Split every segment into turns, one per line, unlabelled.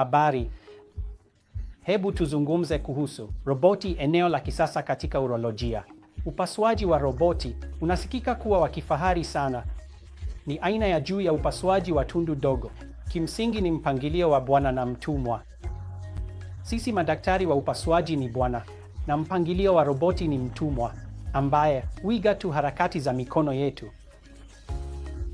habari, hebu tuzungumze kuhusu roboti, eneo la kisasa katika urolojia. Upasuaji wa roboti unasikika kuwa wa kifahari sana. Ni aina ya juu ya upasuaji wa tundu dogo. Kimsingi ni mpangilio wa bwana na mtumwa. Sisi madaktari wa upasuaji ni bwana na mpangilio wa roboti ni mtumwa ambaye huiga tu harakati za mikono yetu.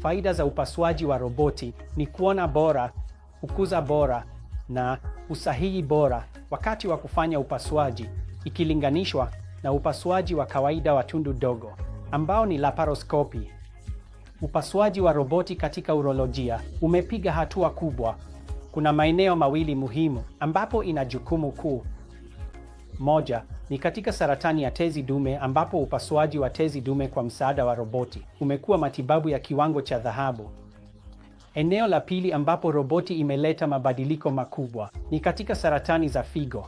Faida za upasuaji wa roboti ni kuona bora, kukuza bora na usahihi bora wakati wa kufanya upasuaji ikilinganishwa na upasuaji wa kawaida wa tundu dogo ambao ni laparoskopi. Upasuaji wa roboti katika urolojia umepiga hatua kubwa. Kuna maeneo mawili muhimu ambapo ina jukumu kuu. Moja ni katika saratani ya tezi dume ambapo upasuaji wa tezi dume kwa msaada wa roboti umekuwa matibabu ya kiwango cha dhahabu. Eneo la pili ambapo roboti imeleta mabadiliko makubwa ni katika saratani za figo.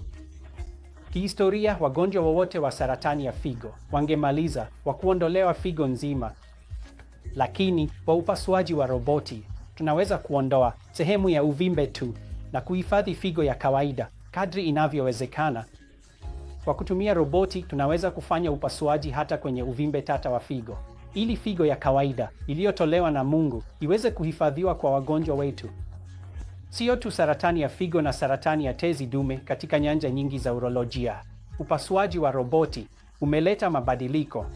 Kihistoria, wagonjwa wowote wa saratani ya figo wangemaliza kwa kuondolewa figo nzima, lakini kwa upasuaji wa roboti tunaweza kuondoa sehemu ya uvimbe tu na kuhifadhi figo ya kawaida kadri inavyowezekana. Kwa kutumia roboti tunaweza kufanya upasuaji hata kwenye uvimbe tata wa figo ili figo ya kawaida iliyotolewa na Mungu iweze kuhifadhiwa kwa wagonjwa wetu, siyo tu saratani ya figo na saratani ya tezi dume. Katika nyanja nyingi za urolojia, upasuaji wa roboti umeleta mabadiliko.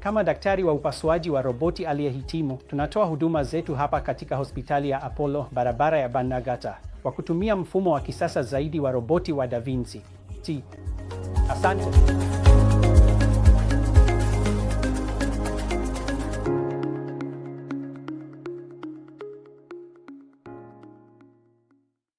Kama daktari wa upasuaji wa roboti aliyehitimu, tunatoa huduma zetu hapa katika hospitali ya Apollo, barabara ya Banagata, kwa kutumia mfumo wa kisasa zaidi wa roboti wa Da Vinci. Asante.